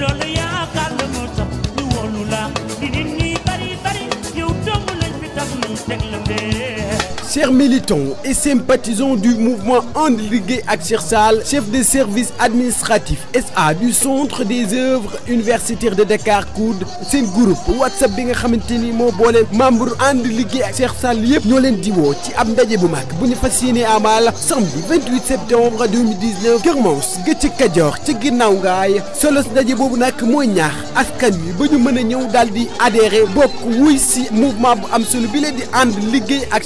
loolu yaakaar la moo tax ñu wóolu la Chers militants et sympathisants du mouvement And Liggéey chef de service administratif SA du centre des œuvres universitaires de Dakar COUD, un groupe WhatsApp bi nga xamanteni mo bolé membre And Liggéey ak Cheikh Sall yëpp ñoo leen di wo ci ab ndaje bu mag bu ñu amal samedi 28 septembre 2019 Kermos, Mons Gëcc ci ginnaw ngaay solos ndaje bobu nak mooy ñaax askan wi bu ñu mëna ñëw di adhéré Bok, wuy si mouvement bu am solo bi leen di ak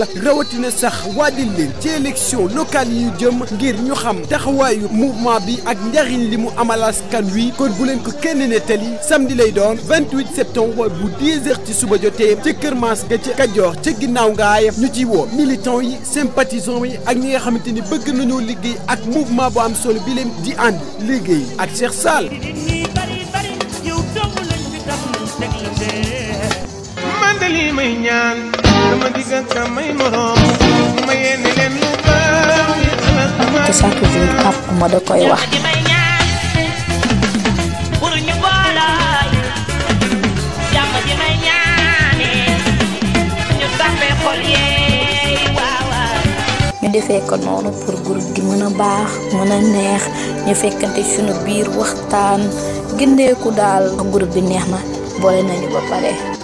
yàlla rawatina sax waajal leen ci élection locale yu jëm ngir ñu xam taxawaayu mouvement bi ak njariñ li mu amal askan wi kon bu leen ko kenn nettali samedi lay doon 28 septembre bu 10h ci suba jotee ci Kër Maas nga ca Kajoor ca ginnaaw ngaay ñu ci woo militants yi sympathisants yi ak ñi nga xamante ni bëgg nañoo liggéey ak mouvement bu am solo bi leen di ànd liggéey ak seex Sall. man te chaque guru papa ma da koy wax ñu defee ko noonu pour groupe gi mën a baax mën a neex bi nañu ba